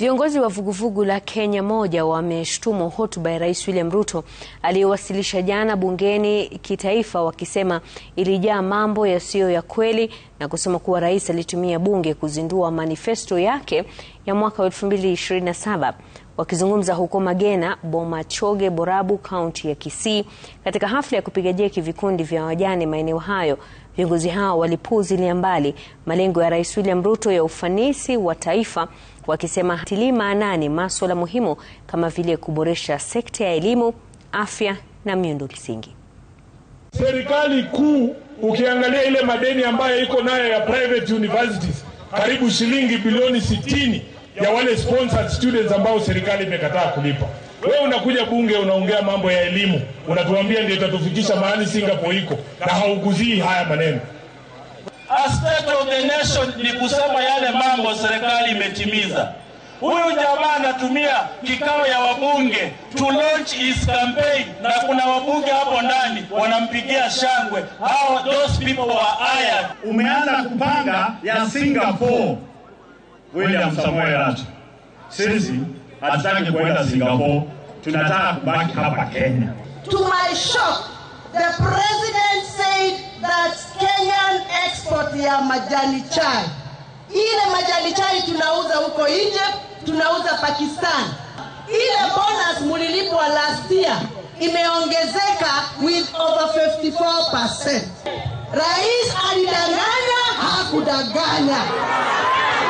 Viongozi wa vuguvugu la Kenya moja wameshtumu hotuba ya Rais William Ruto aliyowasilisha jana bungeni kitaifa, wakisema ilijaa mambo yasiyo ya kweli na kusema kuwa rais alitumia bunge kuzindua manifesto yake ya mwaka 2027. Wakizungumza huko Magena, Bomachoge, Borabu, kaunti ya Kisii, katika hafla ya kupiga jeki vikundi vya wajane maeneo hayo, viongozi hao walipuuzilia mbali malengo ya Rais William Ruto ya ufanisi wa taifa, wakisema hatilii maanani masuala muhimu kama vile kuboresha sekta ya elimu, afya na miundo msingi. Serikali kuu ukiangalia ile madeni ambayo iko nayo ya private universities karibu shilingi bilioni sitini ya wale sponsored students ambao serikali imekataa kulipa. Wewe unakuja bunge unaongea mambo ya elimu, unatuambia ndio itatufikisha mahali Singapore iko, na hauguzii haya maneno. Aspect of the nation ni kusema yale mambo serikali imetimiza. Huyu jamaa anatumia kikao ya wabunge to launch his campaign, na kuna wabunge hapo ndani wanampigia shangwe. How those people are hired. Umeanza kupanga ya Singapore William Samoei Ruto, sisi hatutaki kuenda Singapore, tunataka kubaki hapa Kenya. To my shock, the president said that Kenyan export ya majani chai, ile majani chai tunauza huko Egypt, tunauza Pakistan. Ile bonus mulilipwa last year imeongezeka with over 54%. Rais alidanganya, hakudanganya.